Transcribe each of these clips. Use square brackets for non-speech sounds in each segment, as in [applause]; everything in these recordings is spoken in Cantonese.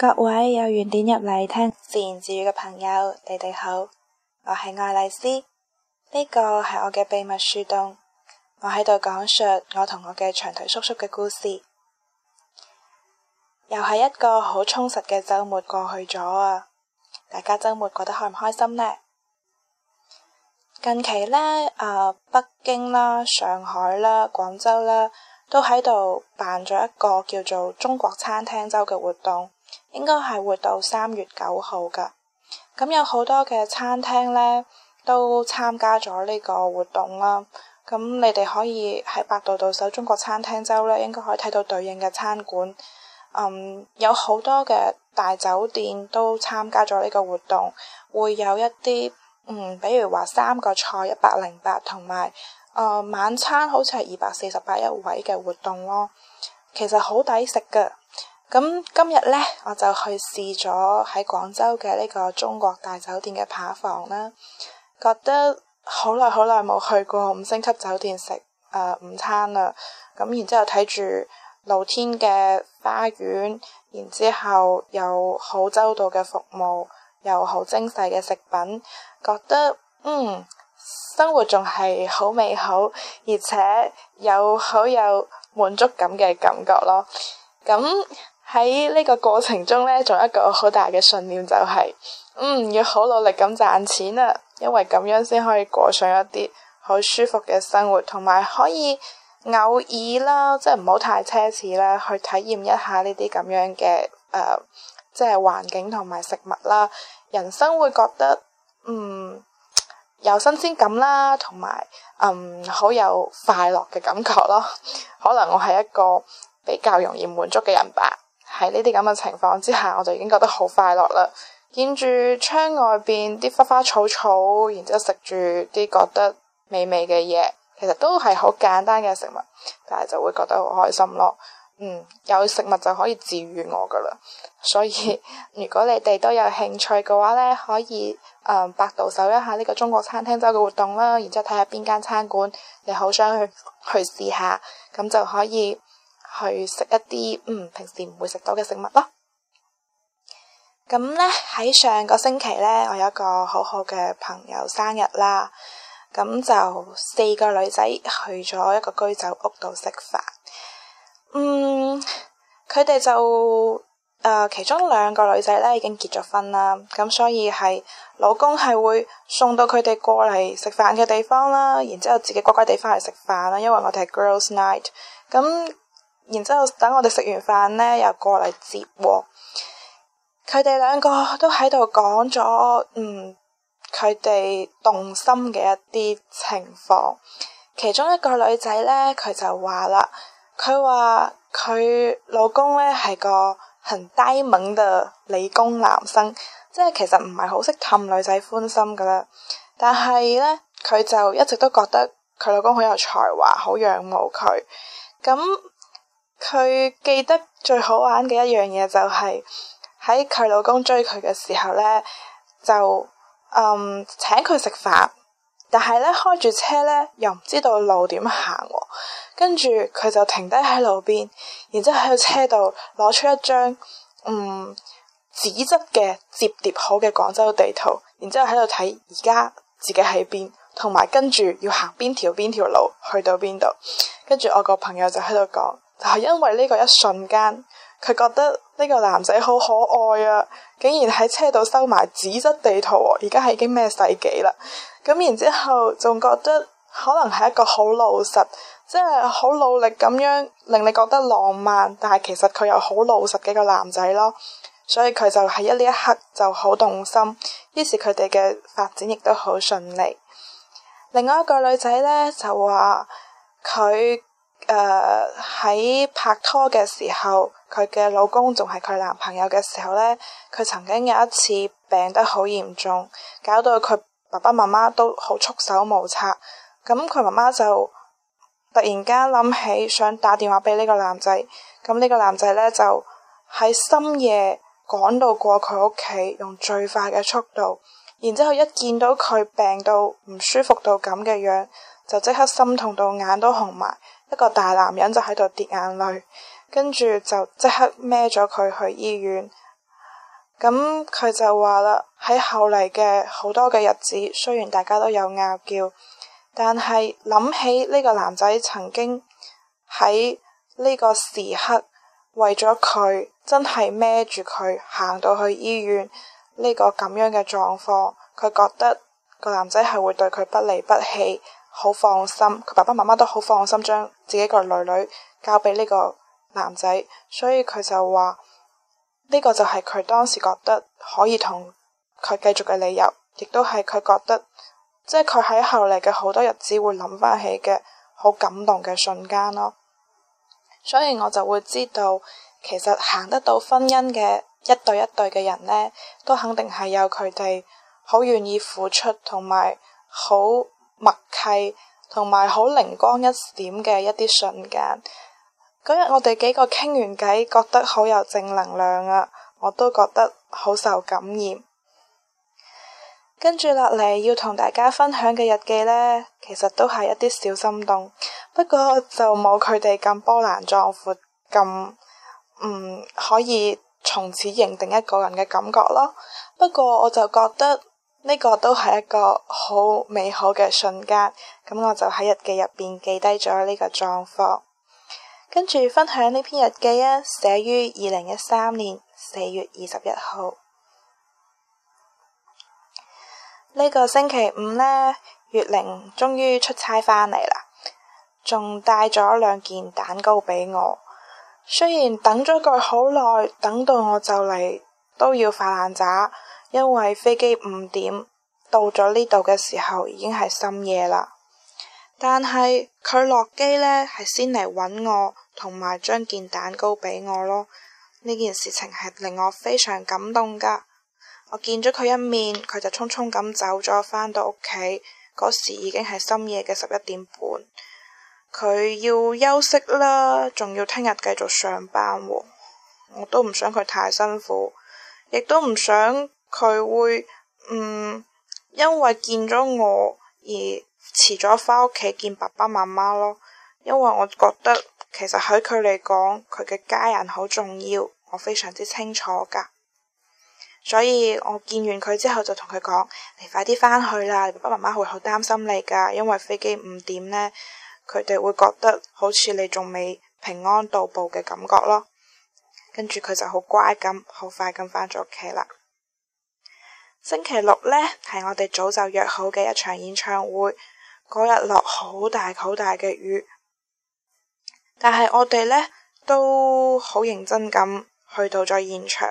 各位有緣點入嚟聽自言自語嘅朋友，你哋好，我係愛麗絲。呢個係我嘅秘密樹洞，我喺度講述我同我嘅長腿叔叔嘅故事。又係一個好充實嘅周末過去咗啊！大家周末過得開唔開心呢？近期呢，誒，呃，北京啦、上海啦、廣州啦，都喺度辦咗一個叫做中國餐廳周嘅活動。應該係活到三月九號噶，咁有好多嘅餐廳呢都參加咗呢個活動啦。咁你哋可以喺百度度搜中國餐廳周呢，應該可以睇到對應嘅餐館。嗯，有好多嘅大酒店都參加咗呢個活動，會有一啲嗯，比如話三個菜一百零八，同埋、呃、晚餐好似係二百四十八一位嘅活動咯。其實好抵食噶。咁今日呢，我就去試咗喺廣州嘅呢個中國大酒店嘅扒房啦，覺得好耐好耐冇去過五星級酒店食、呃、午餐啦。咁然之後睇住露天嘅花園，然之後有好周到嘅服務，有好精細嘅食品，覺得，嗯，生活仲係好美好，而且有好有滿足感嘅感覺咯。咁、嗯喺呢個過程中呢，仲有一個好大嘅信念就係，嗯，要好努力咁賺錢啊，因為咁樣先可以過上一啲好舒服嘅生活，同埋可以偶爾啦，即係唔好太奢侈啦，去體驗一下呢啲咁樣嘅誒，即係環境同埋食物啦，人生會覺得嗯有新鮮感啦，同埋嗯好有快樂嘅感覺咯。可能我係一個比較容易滿足嘅人吧。喺呢啲咁嘅情況之下，我就已經覺得好快樂啦！見住窗外邊啲花花草草，然之後食住啲覺得美味嘅嘢，其實都係好簡單嘅食物，但係就會覺得好開心咯。嗯，有食物就可以治愈我噶啦。所以如果你哋都有興趣嘅話呢，可以誒，百度搜一下呢個中國餐廳周嘅活動啦，然之後睇下邊間餐館你好想去去試下，咁就可以。去食一啲嗯，平時唔會食到嘅食物咯。咁呢，喺上個星期呢，我有一個好好嘅朋友生日啦。咁就四個女仔去咗一個居酒屋度食飯。嗯，佢哋就誒、呃，其中兩個女仔呢已經結咗婚啦。咁所以係老公係會送到佢哋過嚟食飯嘅地方啦。然之後自己乖乖地返嚟食飯啦。因為我哋係 girls night 咁。然之後，等我哋食完飯呢，又過嚟接喎。佢哋兩個都喺度講咗，嗯，佢哋動心嘅一啲情況。其中一個女仔呢，佢就話啦，佢話佢老公呢係個很低敏嘅理工男生，即係其實唔係好識氹女仔歡心㗎喇。但係呢，佢就一直都覺得佢老公好有才華，好仰慕佢咁。佢記得最好玩嘅一樣嘢就係喺佢老公追佢嘅時候呢，就嗯請佢食飯，但係呢，開住車呢，又唔知道路點行啊，跟住佢就停低喺路邊，然之後喺車度攞出一張嗯紙質嘅摺疊好嘅廣州地圖，然之後喺度睇而家自己喺邊，同埋跟住要行邊條邊條路去到邊度，跟住我個朋友就喺度講。就係因為呢個一瞬間，佢覺得呢個男仔好可愛啊！竟然喺車度收埋紙質地圖，啊，而家係已經咩世紀啦。咁然之後仲覺得可能係一個好老實，即係好努力咁樣令你覺得浪漫，但係其實佢又好老實嘅一個男仔咯。所以佢就喺呢一刻就好動心，於是佢哋嘅發展亦都好順利。另外一個女仔呢，就話佢。誒喺、uh，拍拖嘅時候，佢嘅老公仲係佢男朋友嘅時候呢，佢曾經有一次病得好嚴重，搞到佢爸爸媽媽都好束手無策。咁佢媽媽就突然間諗起想打電話俾呢個男仔，咁呢個男仔呢，就喺深夜趕到過佢屋企，用最快嘅速度，然之後一見到佢病到唔舒服到咁嘅樣，就即刻心痛到眼都紅埋。一個大男人就喺度跌眼淚，跟住就即刻孭咗佢去醫院。咁佢就話啦，喺後嚟嘅好多嘅日子，雖然大家都有拗叫，但係諗起呢個男仔曾經喺呢個時刻為咗佢，真係孭住佢行到去醫院呢個咁樣嘅狀況，佢覺得個男仔係會對佢不離不棄。好放心，佢爸爸媽媽都好放心，將自己個女女交俾呢個男仔，所以佢就話呢個就係佢當時覺得可以同佢繼續嘅理由，亦都係佢覺得即係佢喺後嚟嘅好多日子會諗返起嘅好感動嘅瞬間咯。所以我就會知道，其實行得到婚姻嘅一對一對嘅人呢，都肯定係有佢哋好願意付出，同埋好，默契同埋好靈光一閃嘅一啲瞬間，嗰日我哋幾個傾完偈，覺得好有正能量啊！我都覺得好受感染。跟住落嚟，要同大家分享嘅日記呢，其實都係一啲小心動，不過就冇佢哋咁波瀾壯闊，咁嗯，可以從此認定一個人嘅感覺咯。不過我就覺得。呢個都係一個好美好嘅瞬間，咁我就喺日記入邊記低咗呢個狀況，跟住分享呢篇日記啊，寫於二零一三年四月二十一號。呢個星期五呢，月玲終於出差返嚟啦，仲帶咗兩件蛋糕俾我。雖然等咗佢好耐，等到我就嚟都要發爛渣。因為飛機五點到咗呢度嘅時候已經係深夜啦，但係佢落機呢係先嚟揾我，同埋將件蛋糕俾我咯。呢件事情係令我非常感動噶。我見咗佢一面，佢就匆匆咁走咗返到屋企。嗰時已經係深夜嘅十一點半，佢要休息啦，仲要聽日繼續上班。我都唔想佢太辛苦，亦都唔想。佢會嗯，因為見咗我而遲咗返屋企見爸爸媽媽咯。因為我覺得其實喺佢嚟講，佢嘅家人好重要，我非常之清楚噶。所以我見完佢之後就同佢講：你快啲返去啦，你爸爸媽媽會好擔心你噶。因為飛機五點呢，佢哋會覺得好似你仲未平安到步嘅感覺咯。跟住佢就好乖咁，好快咁返咗屋企啦。星期六呢，係我哋早就約好嘅一場演唱會。嗰日落好大好大嘅雨，但係我哋呢，都好認真咁去到咗現場。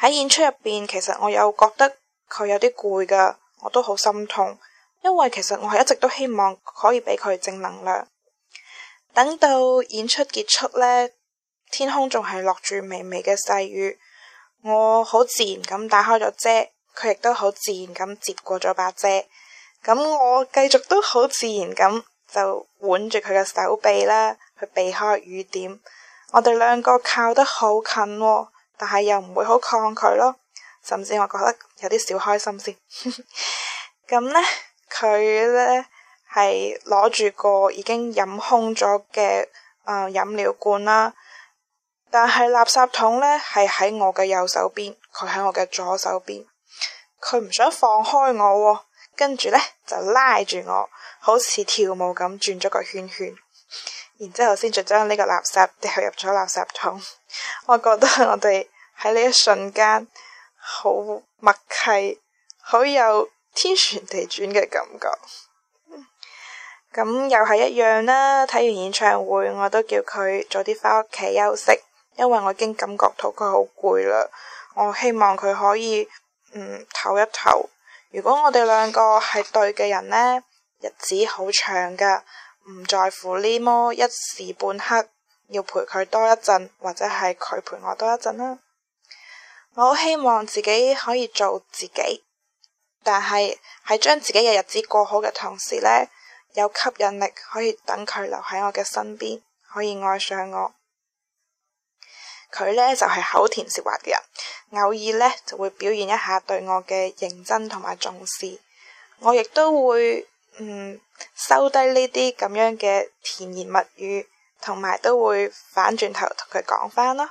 喺演出入邊，其實我又覺得佢有啲攰噶，我都好心痛，因為其實我係一直都希望可以俾佢正能量。等到演出結束呢，天空仲係落住微微嘅細雨，我好自然咁打開咗遮。佢亦都好自然咁接過咗把遮，咁我繼續都好自然咁就挽住佢嘅手臂啦，去避開雨點。我哋兩個靠得好近，哦，但係又唔會好抗拒咯。甚至我覺得有啲小開心先。咁 [laughs] 呢，佢呢係攞住個已經飲空咗嘅啊飲料罐啦，但係垃圾桶呢係喺我嘅右手邊，佢喺我嘅左手邊。佢唔想放開我，跟住呢就拉住我，好似跳舞咁轉咗個圈圈，然之後先就將呢個垃圾掉入咗垃圾桶。 [laughs] 我覺得我哋喺呢一瞬間好默契，好有天旋地轉嘅感覺。咁 [laughs] 又係一樣啦。睇完演唱會，我都叫佢早啲返屋企休息，因為我已經感覺到佢好攰啦。我希望佢可以。嗯，唞一唞。如果我哋兩個係對嘅人呢，日子好長噶，唔在乎呢麼一時半刻要陪佢多一陣，或者係佢陪我多一陣啦。我好希望自己可以做自己，但係喺將自己嘅日子過好嘅同時呢，有吸引力可以等佢留喺我嘅身邊，可以愛上我。佢呢就係口甜舌滑嘅人，偶爾呢就會表現一下對我嘅認真同埋重視，我亦都會嗯收低呢啲咁樣嘅甜言蜜語，同埋都會反轉頭同佢講返咯。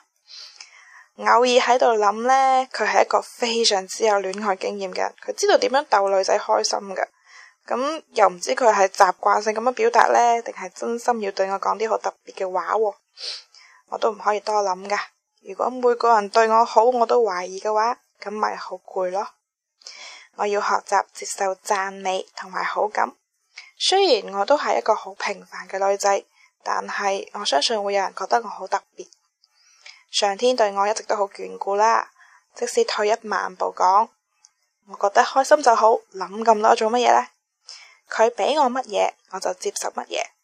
偶爾喺度諗呢，佢係一個非常之有戀愛經驗嘅人，佢知道點樣逗女仔開心噶，咁又唔知佢係習慣性咁樣表達呢，定係真心要對我講啲好特別嘅話喎。我都唔可以多諗噶。如果每個人對我好，我都懷疑嘅話，咁咪好攰咯。我要學習接受讚美同埋好感。雖然我都係一個好平凡嘅女仔，但係我相信會有人覺得我好特別。上天對我一直都好眷顧啦。即使退一萬步講，我覺得開心就好，諗咁多做乜嘢呢？佢俾我乜嘢，我就接受乜嘢。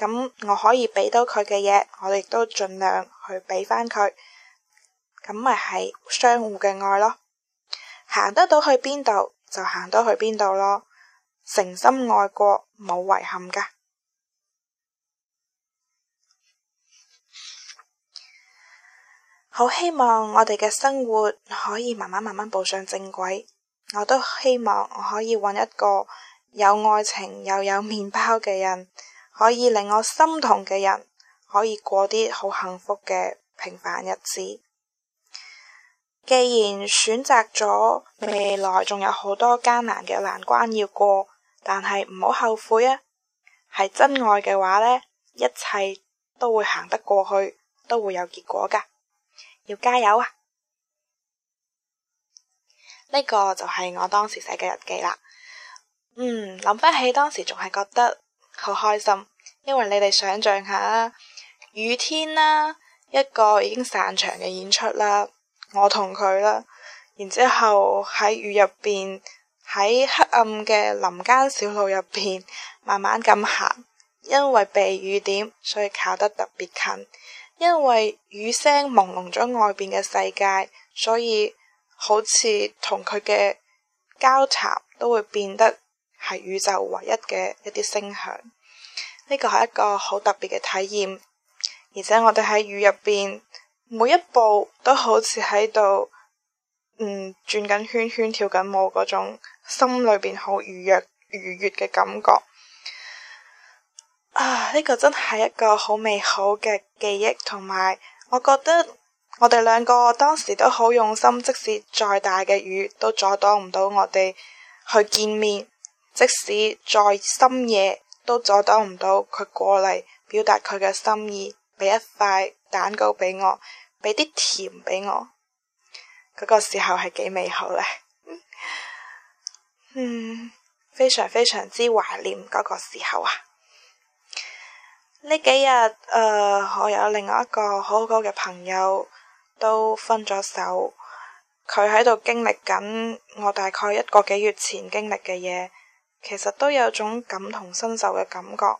咁我可以俾到佢嘅嘢，我亦都盡量去俾翻佢。咁咪係相互嘅愛咯。行得到去邊度，就行到去邊度咯。誠心愛過，冇遺憾㗎。好希望我哋嘅生活可以慢慢慢慢步上正軌。我都希望我可以揾一個有愛情又有麵包嘅人。可以令我心痛嘅人，可以過啲好幸福嘅平凡日子。既然選擇咗未來，仲有好多艱難嘅難關要過，但係唔好後悔啊！係真愛嘅話呢，一切都會行得過去，都會有結果噶。要加油啊！呢個就係我當時寫嘅日記啦。嗯，諗翻起當時，仲係覺得。好開心，因為你哋想象下啦，雨天啦，一個已經散場嘅演出啦，我同佢啦，然之後喺雨入邊，喺黑暗嘅林間小路入邊，慢慢咁行，因為避雨點，所以靠得特別近，因為雨聲朦朧咗外邊嘅世界，所以好似同佢嘅交談都會變得。係宇宙唯一嘅一啲聲響，呢個係一個好特別嘅體驗，而且我哋喺雨入邊每一步都好似喺度，嗯，轉緊圈圈，跳緊舞嗰種心裏邊好愉悅愉悅嘅感覺啊！呢個真係一個好美好嘅記憶，同埋我覺得我哋兩個當時都好用心，即使再大嘅雨都阻擋唔到我哋去見面。即使再深夜，都阻擋唔到佢過嚟表達佢嘅心意，俾一塊蛋糕俾我，俾啲甜俾我，嗰、那個時候係幾美好呢？ [laughs] 嗯，非常非常之懷念嗰個時候啊！呢幾日、呃、我有另外一個好好嘅朋友都分咗手，佢喺度經歷緊我大概一個幾月前經歷嘅嘢。其實都有種感同身受嘅感覺，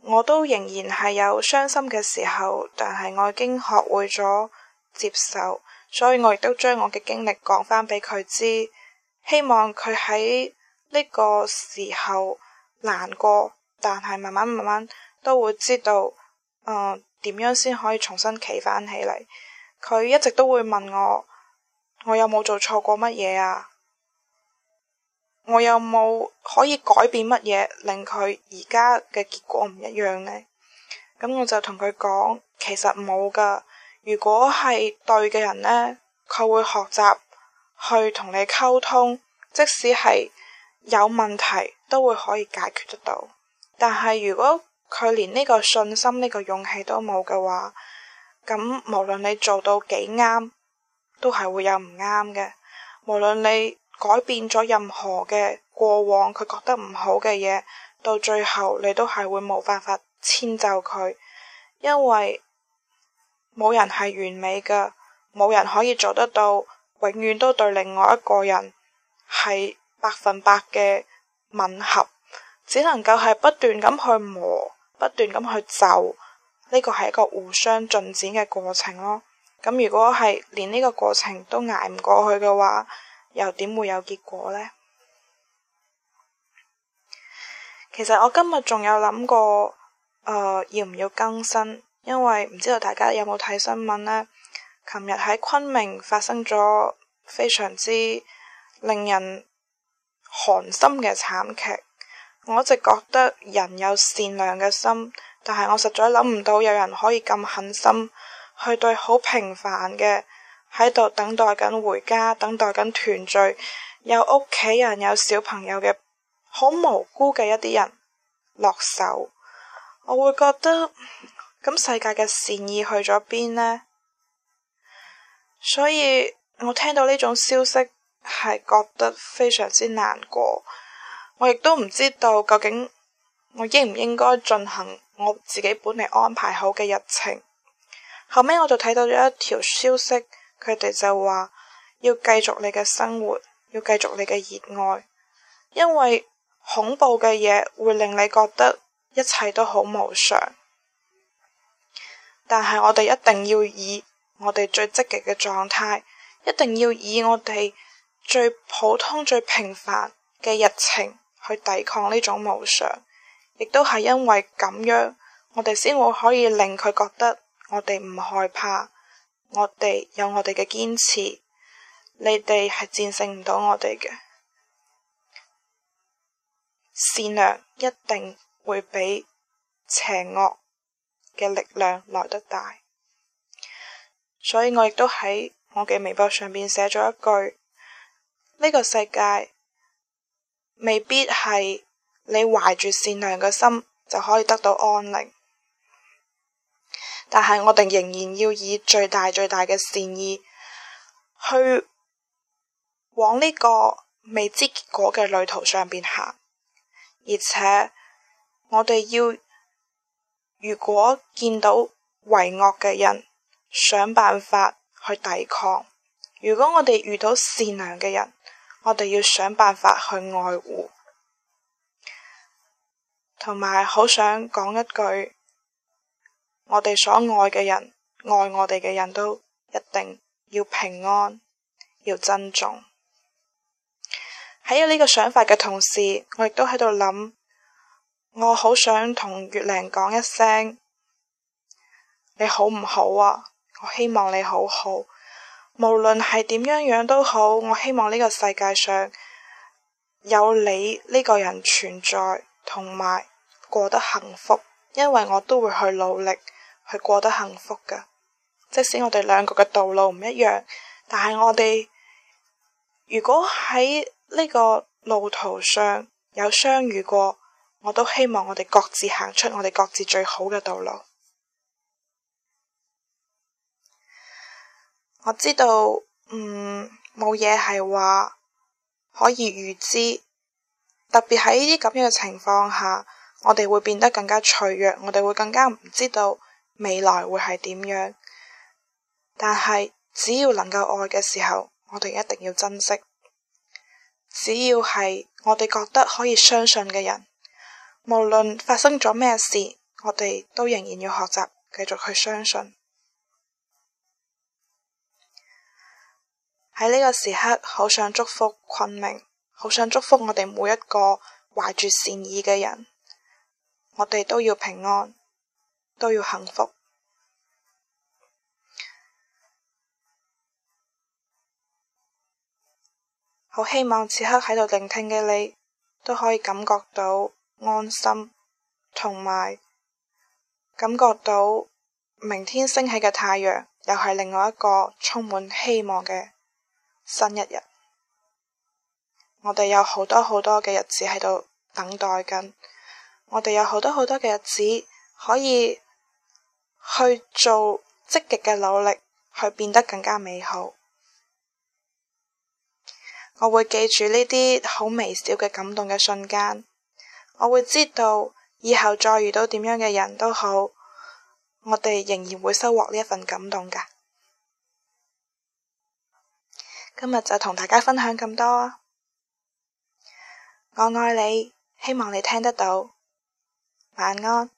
我都仍然係有傷心嘅時候，但係我已經學會咗接受，所以我亦都將我嘅經歷講返俾佢知，希望佢喺呢個時候難過，但係慢慢慢慢都會知道，誒、呃、點樣先可以重新企返起嚟。佢一直都會問我，我有冇做錯過乜嘢啊？我有冇可以改變乜嘢，令佢而家嘅結果唔一樣呢？咁我就同佢講，其實冇噶。如果係對嘅人呢，佢會學習去同你溝通，即使係有問題，都會可以解決得到。但係如果佢連呢個信心、呢個勇氣都冇嘅話，咁無論你做到幾啱，都係會有唔啱嘅。無論你。改變咗任何嘅過往，佢覺得唔好嘅嘢，到最後你都係會冇辦法遷就佢，因為冇人係完美嘅，冇人可以做得到永遠都對另外一個人係百分百嘅吻合，只能夠係不斷咁去磨，不斷咁去就，呢個係一個互相進展嘅過程咯。咁如果係連呢個過程都捱唔過去嘅話，又點會有結果呢？其實我今日仲有諗過，呃，要唔要更新，因為唔知道大家有冇睇新聞呢？琴日喺昆明發生咗非常之令人寒心嘅慘劇。我一直覺得人有善良嘅心，但係我實在諗唔到有人可以咁狠心去對好平凡嘅，喺度等待緊回家，等待緊團聚，有屋企人，有小朋友嘅好無辜嘅一啲人落手，我會覺得咁世界嘅善意去咗邊呢？所以，我聽到呢種消息係覺得非常之難過。我亦都唔知道究竟我應唔應該進行我自己本嚟安排好嘅日程。後尾我就睇到咗一條消息。佢哋就話要繼續你嘅生活，要繼續你嘅熱愛，因為恐怖嘅嘢會令你覺得一切都好無常。但係我哋一定要以我哋最積極嘅狀態，一定要以我哋最普通、最平凡嘅日程去抵抗呢種無常，亦都係因為咁樣，我哋先會可以令佢覺得我哋唔害怕。我哋有我哋嘅堅持，你哋係戰勝唔到我哋嘅。善良一定會比邪惡嘅力量來得大，所以我亦都喺我嘅微博上邊寫咗一句：呢個世界未必係你懷住善良嘅心就可以得到安寧。但係我哋仍然要以最大最大嘅善意去往呢個未知結果嘅旅途上面行，而且我哋要，如果見到為惡嘅人，想辦法去抵抗；如果我哋遇到善良嘅人，我哋要想辦法去愛護。同埋好想講一句。我哋所愛嘅人，愛我哋嘅人都一定要平安，要珍重。喺呢個想法嘅同時，我亦都喺度諗，我好想同月亮講一聲，你好唔好啊？我希望你好好，無論係點樣樣都好，我希望呢個世界上有你呢個人存在，同埋過得幸福，因為我都會去努力。去過得幸福㗎，即使我哋兩個嘅道路唔一樣，但係我哋如果喺呢個路途上有相遇過，我都希望我哋各自行出我哋各自最好嘅道路。我知道，嗯，冇嘢係話可以預知，特別喺呢啲咁樣嘅情況下，我哋會變得更加脆弱，我哋會更加唔知道。未來會係點樣？但係，只要能夠愛嘅時候，我哋一定要珍惜。只要係我哋覺得可以相信嘅人，無論發生咗咩事，我哋都仍然要學習，繼續去相信。喺呢個時刻，好想祝福昆明，好想祝福我哋每一個懷住善意嘅人，我哋都要平安。都要幸福。好希望此刻喺度聆聽嘅你，都可以感覺到安心，同埋感覺到明天升起嘅太陽，又係另外一個充滿希望嘅新一日。我哋有好多好多嘅日子喺度等待緊，我哋有好多好多嘅日子，可以去做積極嘅努力，去變得更加美好。我會記住呢啲好微小嘅感動嘅瞬間，我會知道以後再遇到點樣嘅人都好，我哋仍然會收穫呢一份感動㗎。今日就同大家分享咁多，我愛你，希望你聽得到，晚安。